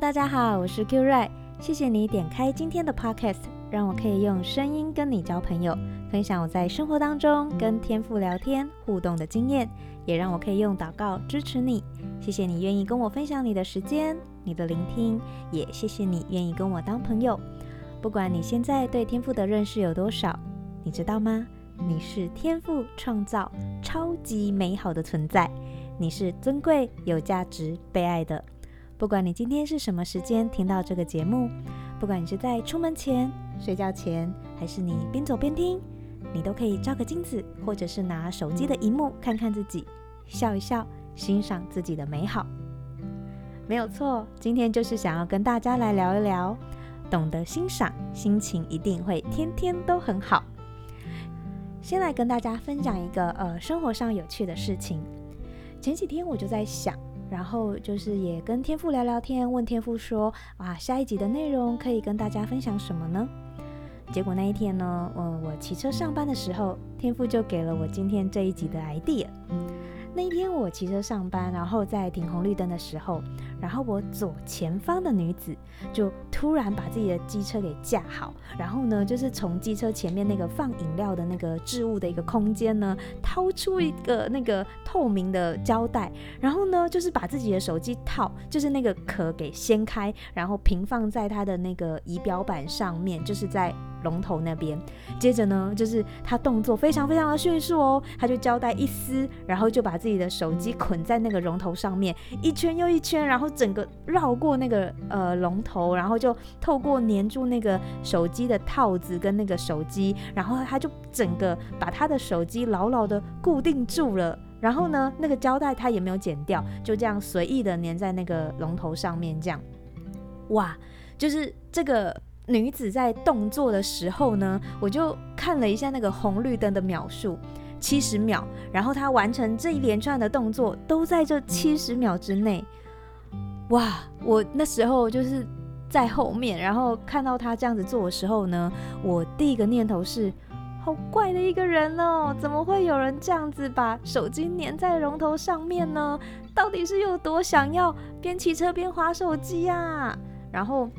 大家好，我是 Q 瑞。謝謝你點開今天的 Podcast，讓我可以用聲音跟你交朋友，分享我在生活當中跟天父聊天互動的經驗，也讓我可以用禱告支持你。謝謝你願意跟我分享你的時間、你的聆聽，也謝謝你願意跟我當朋友。不管你現在對天父的認識有多少，你知道嗎？你是天父創造超級美好的存在，你是尊貴、有價值、被愛的。不管你今天是什麼時間聽到這個節目，不管你是在出門前、睡覺前，還是你邊走邊聽，你都可以照個鏡子，或者是拿手機的螢幕看看自己，笑一笑，欣賞自己的美好。沒有錯，今天就是想要跟大家來聊一聊，懂得欣賞，心情一定會天天都很好。先來跟大家分享一個呃生活上有趣的事情，前幾天我就在想。然後就是也跟天父聊聊天，問天父說：“哇、啊，下一集的內容可以跟大家分享什麼呢？”結果那一天呢，嗯，我騎車上班的時候，天父就給了我今天這一集的 idea。我騎車上班，然後在停紅綠燈的時候，然後我左前方的女子就突然把自己的機車給架好，然後呢，就是從機車前面那個放飲料的那個置物的一個空間呢，掏出一個那個透明的膠帶，然後呢，就是把自己的手機套，就是那個殼給掀開，然後平放在她的那個儀表板上面，就是在。龍頭那邊，接着呢，就是他動作非常非常的迅速哦，他就膠帶一撕，然後就把自己的手機捆在那個龍頭上面，一圈又一圈，然後整個繞過那個呃龍頭，然後就透過粘住那個手機的套子跟那個手機，然後他就整個把他的手機牢牢的固定住了。然後呢，那個膠帶他也沒有剪掉，就這樣隨意的粘在那個龍頭上面，這樣，哇，就是這個。女子在動作的時候呢，我就看了一下那個紅綠燈的秒數，七十秒，然後她完成這一連串的動作都在這七十秒之內。哇！我那時候就是在後面，然後看到她這樣子做的時候呢，我第一個念頭是：好怪的一個人哦，怎麼會有人這樣子把手機粘在龍頭上面呢？到底是有多想要邊騎車邊滑手機啊？然後。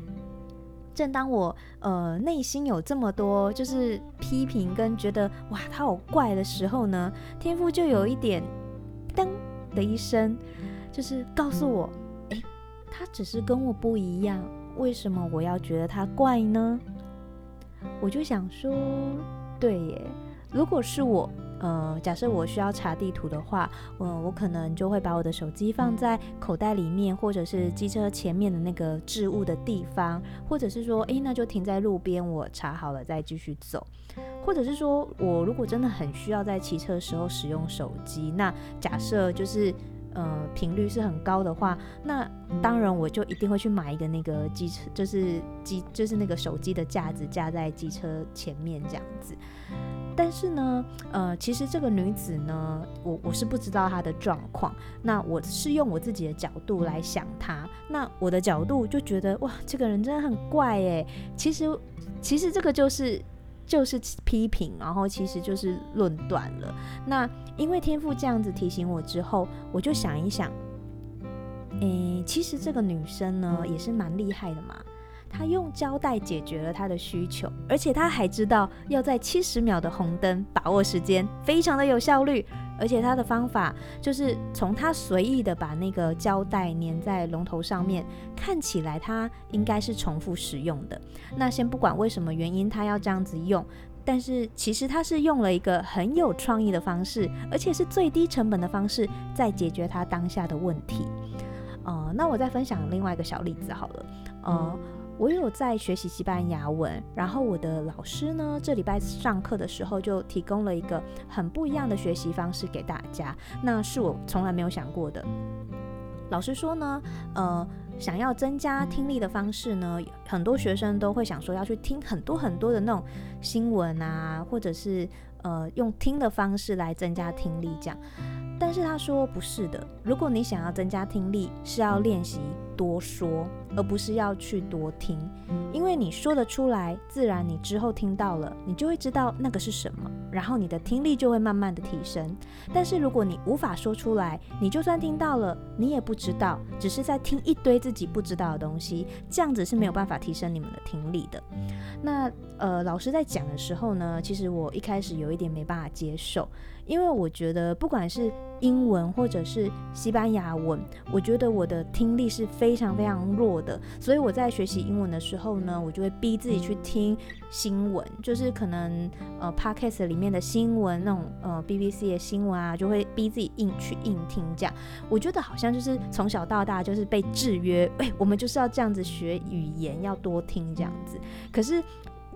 正當我呃內心有這麼多就是批評跟覺得哇他好怪的時候呢，天父就有一點噔的一聲，就是告訴我，哎、欸，他只是跟我不一樣，為什麼我要覺得他怪呢？我就想說，對耶，如果是我。呃，假設我需要查地圖的話，嗯、呃，我可能就會把我的手機放在口袋裡面，或者是機車前面的那個置物的地方，或者是說，哎、欸，那就停在路邊，我查好了再繼續走，或者是說我如果真的很需要在騎車的時候使用手機，那假設就是，呃，頻率是很高的話，那當然我就一定會去買一個那個機車，就是機就是那個手機的架子，架在機車前面這樣子。但是呢，呃，其實這個女子呢，我我是不知道她的狀況。那我是用我自己的角度來想她，那我的角度就覺得哇，這個人真的很怪誒，其實，其實這個就是就是批評，然後其實就是論斷了。那因為天父這樣子提醒我之後，我就想一想，誒，其實這個女生呢也是蠻厲害的嘛。他用膠帶解決了他的需求，而且他還知道要在七十秒的紅燈把握時間，非常的有效率。而且他的方法就是從他隨意的把那個膠帶粘在龍頭上面，看起來他應該是重複使用的。那先不管為什麼原因他要這樣子用，但是其實他是用了一個很有創意的方式，而且是最低成本的方式在解決他當下的問題。哦、呃，那我再分享另外一個小例子好了，呃。我有在學習西班牙文，然後我的老師呢，這禮拜上課的時候就提供了一個很不一樣的學習方式給大家，那是我從來沒有想過的。老師說呢，呃，想要增加聽力的方式呢，很多學生都會想說要去聽很多很多的那種新聞啊，或者是呃，用聽的方式來增加聽力這樣，但是他說不是的，如果你想要增加聽力，是要練習。多說，而不是要去多聽。因為你說得出來，自然你之後聽到了，你就會知道那個是什麼，然後你的聽力就會慢慢的提升。但是如果你無法說出來，你就算聽到了，你也不知道，只是在聽一堆自己不知道的東西，這樣子是沒有辦法提升你們的聽力的。那，呃，老師在講的時候呢，其實我一開始有一點沒辦法接受，因為我覺得不管是英文或者是西班牙文，我覺得我的聽力是非常非常弱的，所以我在學習英文的時候呢，我就會逼自己去聽新聞，就是可能呃 podcast 裡面的新聞那種呃，BBC 的新聞啊，就會逼自己硬去硬聽這樣。我覺得好像就是從小到大就是被制約，哎，我們就是要這樣子學語言，要多聽這樣子。可是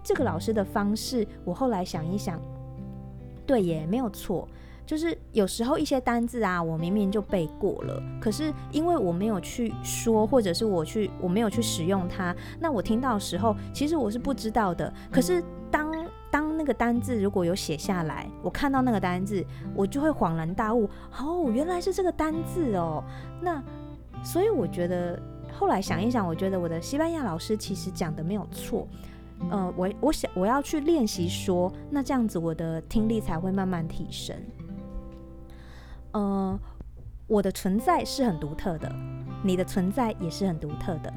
這個老師的方式，我後來想一想，對，也沒有錯。就是有時候一些單字啊，我明明就背過了，可是因為我沒有去說，或者是我去我沒有去使用它，那我聽到的時候其實我是不知道的。可是當當那個單字如果有寫下來，我看到那個單字，我就會恍然大悟哦，原來是這個單字哦。那所以我覺得後來想一想，我覺得我的西班牙老師其實講的沒有錯。呃，我我想我要去練習說，那這樣子我的聽力才會慢慢提升。呃，我的存在是很獨特的，你的存在也是很獨特的。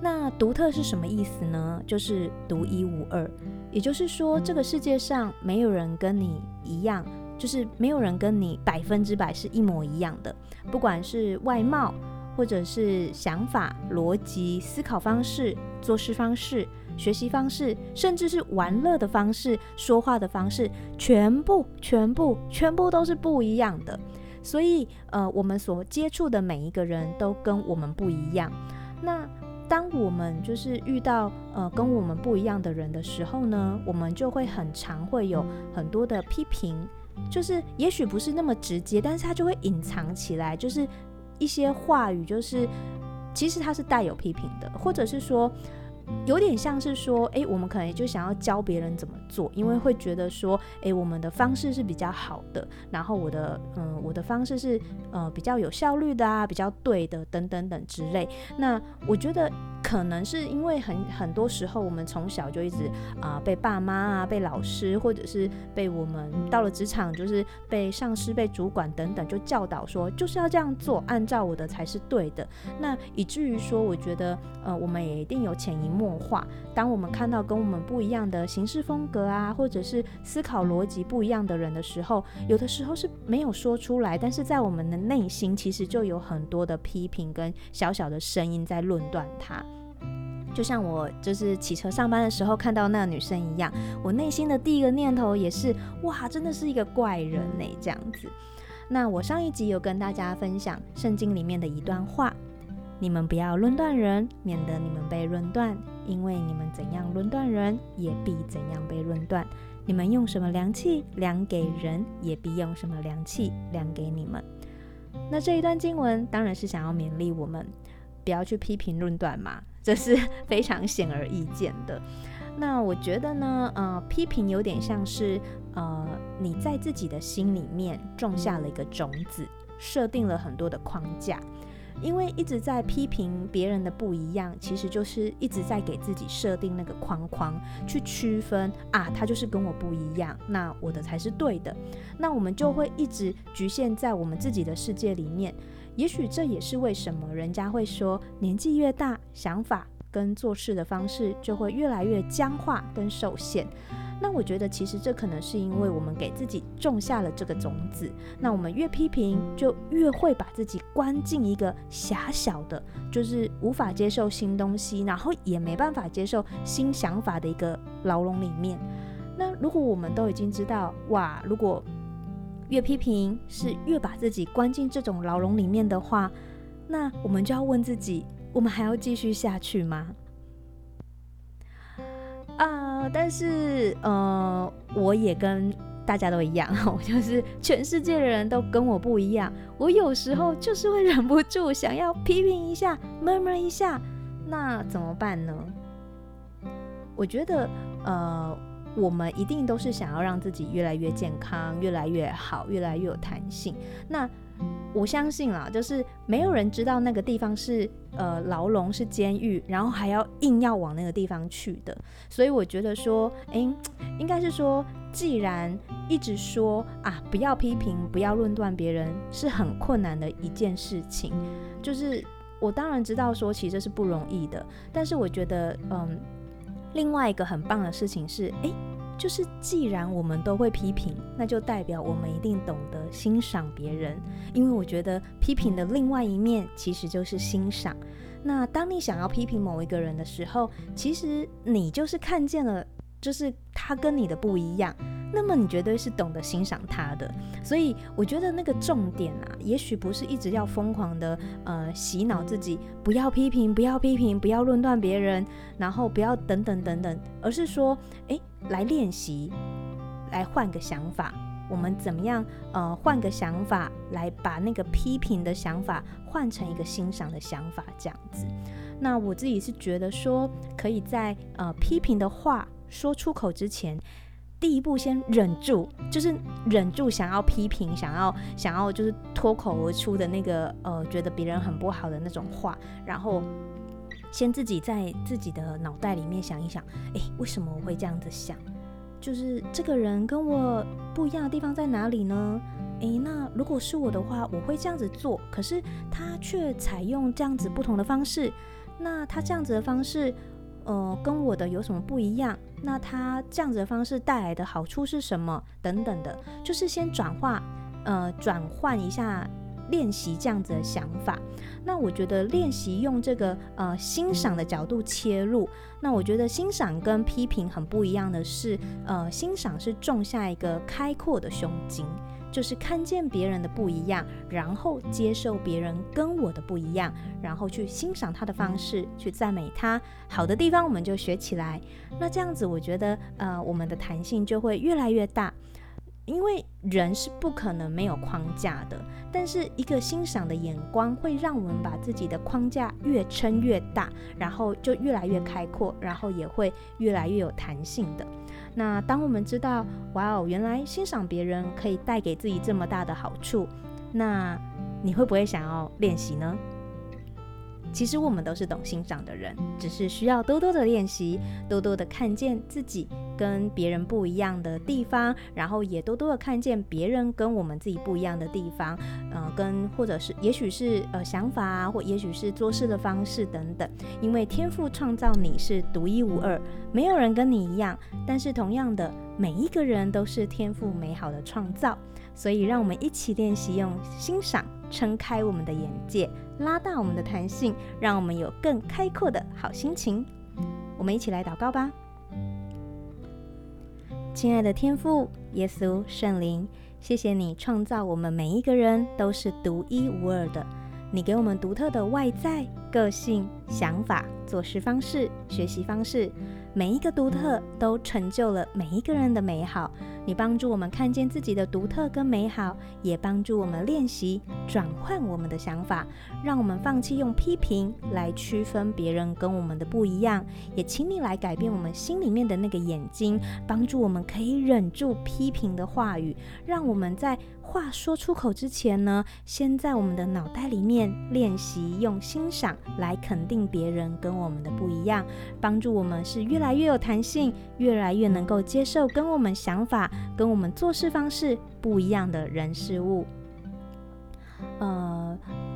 那獨特是什麼意思呢？就是獨一無二。也就是說，這個世界上沒有人跟你一樣，就是沒有人跟你百分之百是一模一樣的。不管是外貌，或者是想法、邏輯、思考方式、做事方式、學習方式，甚至是玩樂的方式、說話的方式，全部、全部、全部都是不一樣的。所以，呃，我們所接觸的每一個人都跟我們不一樣。那當我們就是遇到呃跟我們不一樣的人的時候呢，我們就會很常會有很多的批評，就是也許不是那麼直接，但是它就會隱藏起來，就是一些話語，就是其實它是帶有批評的，或者是說。有點像是說，誒，我們可能就想要教別人怎麼做，因為會覺得說，誒，我們的方式是比較好的，然後我的，嗯，我的方式是，呃，比較有效率的啊，比較對的，等等等之類。那我覺得。可能是因為很很多時候，我們從小就一直啊、呃、被爸媽啊，被老師，或者是被我們到了職場，就是被上司、被主管等等，就教導說就是要這樣做，按照我的才是對的。那以至於說，我覺得呃我們也一定有潛移默化。當我們看到跟我們不一樣的行事風格啊，或者是思考邏輯不一樣的人的時候，有的時候是沒有說出來，但是在我們的內心其實就有很多的批評跟小小的聲音在論斷他。就像我就是騎車上班的時候看到那女生一樣，我內心的第一個念頭也是哇，真的是一個怪人呢，這樣子。那我上一集有跟大家分享聖經裡面的一段話，你們不要論斷人，免得你們被論斷，因為你們怎樣論斷人，也必怎樣被論斷。你們用什麼量器量給人，也必用什麼量器量給你們。那這一段經文當然是想要勉勵我們不要去批評論斷嘛。這是非常顯而易見的。那我覺得呢，呃，批評有點像是，呃，你在自己的心裡面種下了一個種子，設定了很多的框架。因為一直在批評別人的不一樣，其實就是一直在給自己設定那個框框，去區分啊，他就是跟我不一樣，那我的才是對的。那我們就會一直局限在我們自己的世界裡面。也許這也是為什麼人家會說，年紀越大，想法跟做事的方式就會越來越僵化跟受限。那我覺得，其實這可能是因為我們給自己種下了這個種子。那我們越批評，就越會把自己關進一個狹小的，就是無法接受新東西，然後也沒辦法接受新想法的一個牢籠裡面。那如果我們都已經知道，哇，如果越批評是越把自己關進這種牢籠裡面的話，那我們就要問自己：我們還要繼續下去嗎？啊，uh，但是呃，我也跟大家都一樣哦，我就是全世界的人都跟我不一樣。我有時候就是會忍不住想要批評一下、murmur 一下，那怎麼辦呢？我覺得呃。我們一定都是想要讓自己越來越健康，越來越好、越來越有彈性。那我相信啦，就是沒有人知道那個地方是呃牢籠、是監獄，然後還要硬要往那個地方去的。所以我覺得說，哎、欸，應該是說，既然一直說啊，不要批評、不要論斷別人，是很困難的一件事情。就是我當然知道說，其實是不容易的。但是我覺得，嗯。另外一個很棒的事情是，誒，就是既然我們都會批評，那就代表我們一定懂得欣賞別人。因為我覺得批評的另外一面其實就是欣賞。那當你想要批評某一個人的時候，其實你就是看見了，就是。他跟你的不一樣，那麼你絕對是懂得欣賞他的。所以我覺得那個重點啊，也許不是一直要瘋狂的呃洗腦自己，不要批評，不要批評，不要論斷別人，然後不要等等等等，而是說，誒來練習，來換個想法，我們怎麼樣呃換個想法，來把那個批評的想法換成一個欣賞的想法這樣子。那我自己是覺得說，可以在呃批評的話。說出口之前，第一步先忍住，就是忍住想要批評、想要、想要，就是脫口而出的那個呃，覺得別人很不好的那種話。然後，先自己在自己的腦袋裡面想一想，誒，為什麼我會這樣子想？就是這個人跟我不一樣的地方在哪裡呢？誒，那如果是我的話，我會這樣子做，可是他卻採用這樣子不同的方式。那他這樣子的方式，呃，跟我的有什麼不一樣？那他這樣子的方式帶來的好處是什麼？等等的，就是先轉化，呃，轉換一下練習這樣子的想法。那我覺得練習用這個呃欣賞的角度切入，那我覺得欣賞跟批評很不一樣的是，呃，欣賞是種下一個開闊的胸襟。就是看見別人的不一樣，然後接受別人跟我的不一樣，然後去欣賞他的方式，去讚美他好的地方，我們就學起來。那這樣子，我覺得呃，我們的彈性就會越來越大。因為人是不可能沒有框架的，但是一個欣賞的眼光會讓我們把自己的框架越撐越大，然後就越來越開闊，然後也會越來越有彈性的。那當我們知道，哇哦，原來欣賞別人可以帶給自己這麼大的好處，那你會不會想要練習呢？其實我們都是懂欣賞的人，只是需要多多的練習，多多的看見自己跟別人不一樣的地方，然後也多多的看見別人跟我們自己不一樣的地方，呃，跟或者是也許是呃想法啊，或也許是做事的方式等等。因為天父創造你是獨一無二，沒有人跟你一樣，但是同樣的，每一個人都是天父美好的創造。所以讓我們一起練習用欣賞。撐開我們的眼界，拉大我們的彈性，讓我們有更開闊的好心情。我們一起來禱告吧，親愛的天父耶穌聖靈，謝謝你創造我們每一個人都是獨一無二的。你給我們獨特的外在、個性、想法、做事方式、學習方式，每一個獨特都成就了每一個人的美好。你幫助我們看見自己的獨特跟美好，也幫助我們練習轉換我們的想法，讓我們放棄用批評來區分別人跟我們的不一樣，也請你來改變我們心裡面的那個眼睛，幫助我們可以忍住批評的話語，讓我們在話說出口之前呢，先在我們的腦袋裡面練習用欣賞來肯定別人跟我們的不一樣，幫助我們是越來越有彈性，越來越能夠接受跟我們想法、跟我們做事方式不一樣的人事物。呃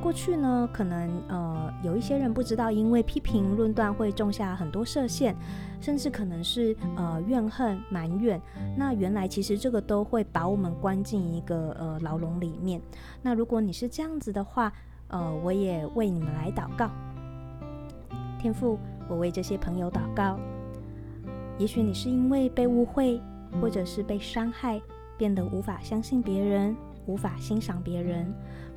過去呢，可能呃有一些人不知道，因為批評論斷會種下很多射線，甚至可能是呃怨恨、埋怨。那原來其實這個都會把我們關進一個呃牢籠裡面。那如果你是這樣子的話，呃，我也為你們來禱告。天父，我為這些朋友禱告。也許你是因為被誤會，或者是被傷害，變得無法相信別人，無法欣賞別人。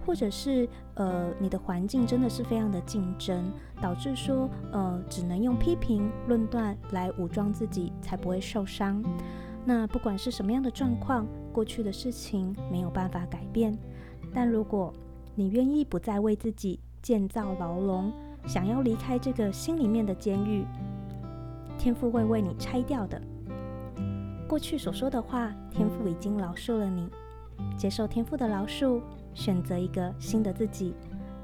或者是呃，你的環境真的是非常的競爭，導致說呃，只能用批評論斷來武裝自己，才不會受傷。那不管是什麼樣的狀況，過去的事情沒有辦法改變。但如果你願意不再為自己建造牢籠，想要離開這個心裡面的監獄，天父會為你拆掉的。過去所說的話，天父已經饒恕了你，接受天父的饒恕。選擇一個新的自己。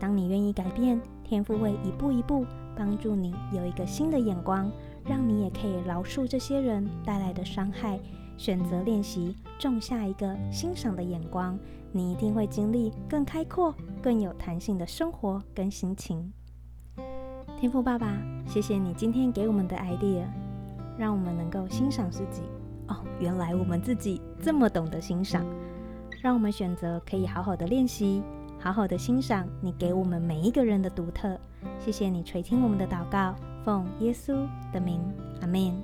當你願意改變，天父會一步一步幫助你有一個新的眼光，讓你也可以饒恕這些人帶來的傷害。選擇練習種下一個欣賞的眼光，你一定會經歷更開闊、更有彈性的生活跟心情。天父爸爸，謝謝你今天給我們的 idea，讓我們能夠欣賞自己。哦，原來我們自己這麼懂得欣賞。讓我們選擇可以好好的練習，好好的欣賞你給我們每一個人的獨特。謝謝你垂聽我們的禱告，奉耶穌的名，阿門。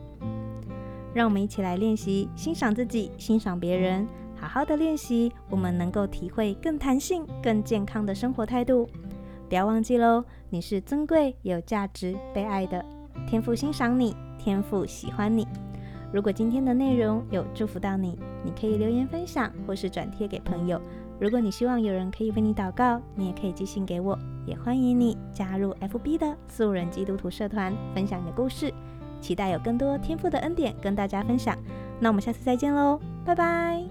讓我們一起來練習欣賞自己，欣賞別人，好好的練習，我們能夠體會更彈性、更健康的生活態度。不要忘記嘍，你是尊貴、有價值、被愛的。天父欣賞你，天父喜歡你。如果今天的內容有祝福到你，你可以留言分享，或是轉貼給朋友。如果你希望有人可以為你禱告，你也可以寄信給我。也歡迎你加入 FB 的素人基督徒社團，分享你的故事。期待有更多天父的恩典跟大家分享。那我們下次再見嘍，拜拜。